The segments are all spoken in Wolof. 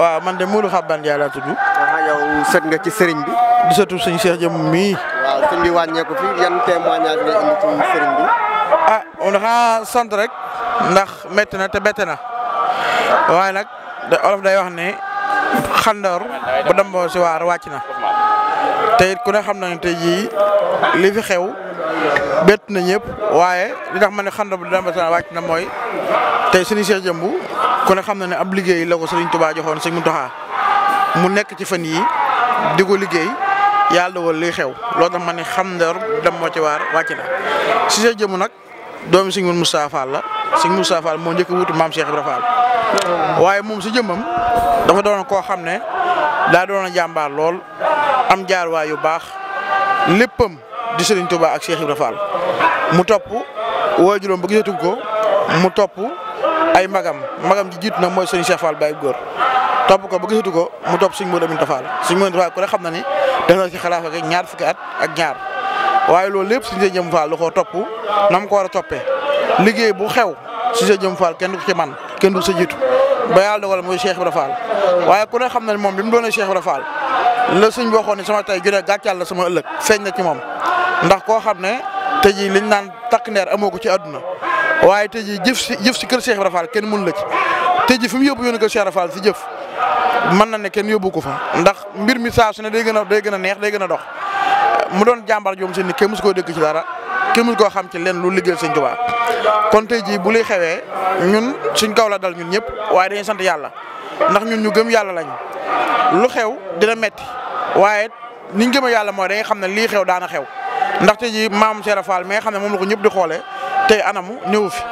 waaw man de Mourou Xabane Ndiaye laa tudd. nga ci sëriñ bi. di sëtu suñu Cheikh Jëm mi waaw sëñ bi wàññeeku fi yan témoignage nga indi ci sëriñ bi. ah on a sant rek. ndax métti na te bette na waaye nag da olof day wax ne xandoor bu damboo waar wàcc na te it ku ne xam na ne tey jii li xew bett na ñëpp waaye li tax ma ne xandoor bu damboo si na mooy tey suñu Cheikh Jëmbu ku ne na ne ab liggéey la ko Serigne Touba joxoon Serigne Mountakha mu nekk ci fan yi di ko liggéey yàlla dogal luy xew loolu tax ma xam ndar dem moo ci waar wàcc na si sa jëmu nag doomi Serigne Moustapha Fall la si Moustapha Fall moo njëkk a wutu maam Cheikh Ibra waaye moom si jëmmam dafa doon koo xam ne daa doon a jàmbaar lool am jaarwaay yu baax léppam di Serigne Touba ak Cheikh Ibra mu topp waajuram ba gisatu ko mu topp. ay magam magam ji jiitu nag mooy sëñ Cheikh Fall Baye Góor topp ko ba gisatu ko mu topp sëñ Modou Aminta Fall sëñ Modou Fall ku xam na ni def na ci xalaat ak ñaar ak ñaar waaye loolu lépp sëñ Jëm Fall lu ko na ko war a toppee liggéey bu xew sëñ Jëm Fall kenn du ko ci man kenn du sa jiitu ba yàlla dogal mooy Cheikh Ibra Fall waaye xam na ni moom bi mu doonee Cheikh la sëñ waxoon ne sama tey juree gàccal la sama ëllëg feeñ na ci moom ndax koo xam ne te ji liñ naan takk neer amoo ko ci àdduna waaye tey jii jëf si jëf si kër Cheikh Ibra kenn mënu la ci tey jii fi mu yóbbu yoonu kër Cheikh Ibra si jëf mën na ne kenn yóbbu ko fa ndax mbir mi saa su ne day gën a day gën a neex day gën a dox mu doon jàmbar joom seen ni kenn mës koo dëkk ci dara kenn mës koo xam ci leen lu liggéeyal Sëñ Tuubaa kon tey jii bu luy xewee ñun suñ kaw la dal ñun ñëpp waaye dañuy sant yàlla ndax ñun ñu gëm yàlla lañ lu xew dina metti waaye niñ gëm a yàlla mooy dañuy xam ne lii xew daana xew ndax tey jii maam Cheikh Ibra Fall xam ne moom la ko ñëpp di xoolee tey anamu néew fi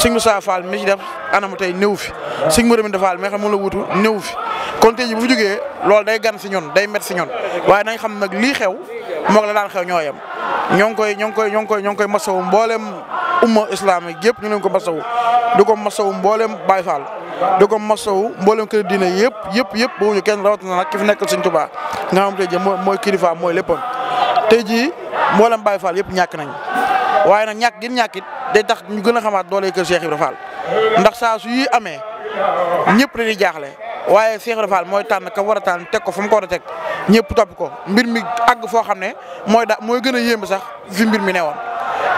sëñ Moussa Fall mi ci def anamu tey néew fi sëñ Mouride Fall mi xam mu la wutu néew fi kon tey ji bu fi jógee loolu day gan si ñun day met si waaye nañ xam nag lii xew moog la ñoo yem ñoo koy ñoo ngi koy ñoo ngi koy ñoo ngi koy masawu mboolem umma islamique yëpp ñu leen ko masawu du ko masawu mboolem Baye Fall du ko masawu mboolem kër diine yëpp yëpp yëpp boobu ñu kenn rawatina nag ki fi nekkal Sëñ Tuubaa nga xam tey mooy kilifa mooy léppam tey jii mboolem Baye Fall yëpp ñàkk nañ waaye nag ñàkk gi ñàkkit day tax ñu gën a xamaat doole kër Cheikh Ibrahima Fall ndax saa suy yi amee ñëpp dañuy jaaxle waaye Cheikh Ibrahima Fall mooy tànn ka war a taan teg ko fa mu ko a teg ñëpp topp ko mbir mi àgg foo xam ne mooy da mooy gën a yéem sax fi mbir mi ne newoon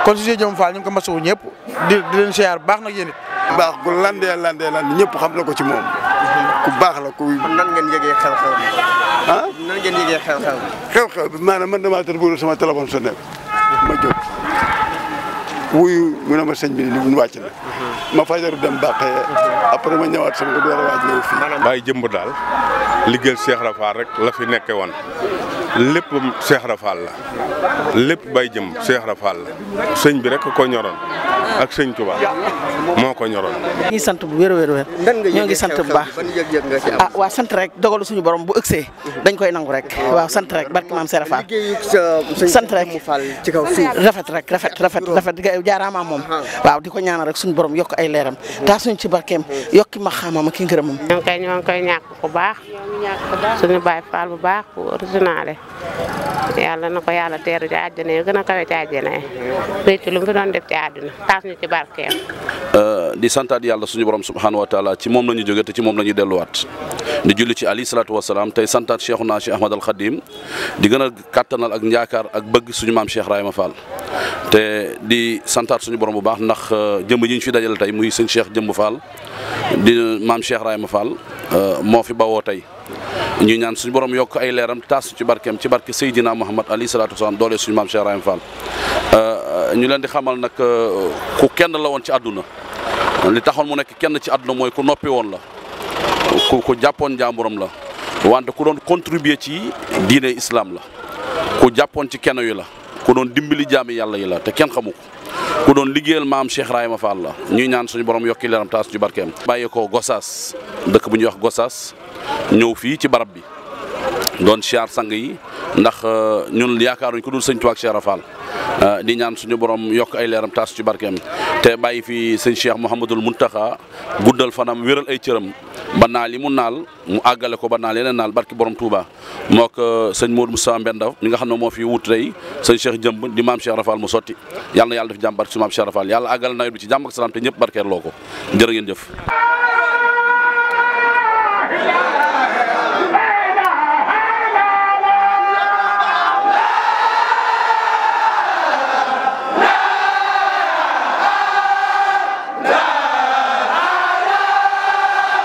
kon si Jom Fall ñu ngi ko masawu ñëpp di di leen baax nag yéen it. baax ku landee landee landee ñëpp xam na ko ci moom. ku baax la ku. nan ngeen yëgee xew-xew bi. ah nan ngeen yëgee xew-xew bi. xew-xew bi maanaam man damaa tëdd sama téléphone wuyu mu ne ma sëñ bi ni wàcc na ma fajaru dem bàqee après ma ñëwaat sama ko door waaj ñëw fii bàyyi jëmb daal liggéey Cheikh Rafal rek la fi nekke woon lépp Cheikh Rafal la lépp bay jëm Cheikh Rafal la sëñ bi rek ko ñoroon ak sëñ Touba moo ko ñoroon. ñi sant bu wér a wér ñoo ngi sant bu baax a ah, waa sant rek dogalu suñu borom bu see dañ koy nangu rek waaw sant rek barki maam Serap Fall sant rek rafet rek rafet rafet rafet jaaraama moom ah. waaw di ko ñaanal rek suñu borom yokk ay leeram ta suñ ci barkeem yokki ma xaamam ki ngërëmam. ñoo ngi koy ñoo ngi koy ñàkk bu baax suñu Baay Fall bu baax bu original yàlla na ko yàlla teeru ci àjjana yi gën a kawe ci àjjana yi rëcc fi doon def ci àdduna taas ñu ci barkeem. Euh, di santaat yàlla suñu borom subhaanahu wa taala ci moom la ñu jóge te ci moom la ñuy delluwaat di julli ci ali salaatu wasalaam tey santaat Cheikhuna Cheikh Ahmad al Khadim di gën a kàttanal ak njaakaar ak bëgg suñu maam Cheikh Rahima Fall te di santaat suñu borom bu baax ndax euh, jëmb yi ñu fi dajale tey muy sëñ Cheikh Jëmb Fall di maam Cheikh Rahima Fall euh, moo fi bawoo tey. ñu ñaan suñu borom yokk ay leeram taas ci barkeem ci barke Seydina Muhammad alayhi salaatu wasalaam doole suñu maam Cheikh Rahim al euh, ñu leen di xamal nag euh, ku kenn la woon ci àdduna li taxoon mu nekk kenn ci àdduna mooy ku noppi woon la ku jàppoon njàmburam la wante ku doon contribuer ci diine islaam la ku jàppoon ci kenn yu la ku doon dimbali jaami yàlla yi la te kenn xamu ku doon liggéeyal maam Cheikh Rahima Fall la ñu ñaan suñu borom yokki leeram ci barkeem. bàyyi ko dëkk bu ñuy wax Gossas. ñëw fii ci barab bi doon siyaar sang yi ndax euh, ñun yaakaaruñ ko dul sëñ Tuubaa ak Cheikh euh, di ñaan suñu borom yokk ay leeram taas ci barkeem te bàyyi fi sëñ Cheikh Mouhamadul Muntaxa guddal fanam wéral ay cëram ba naal yi mu naal mu àggale ko ba naal yeneen naal barki borom Touba moo ko euh, sëñ Modou Moussa Mbenda mi nga xam ne moo fi wut tey sëñ Cheikh jëmb di maam Cheikh Rafal mu sotti yàlla na yàlla def jàmm barki su maam Cheikh Rafal yàlla àggale nawet bi ci jàmm ak ñëpp barkeeloo ko jërë ngeen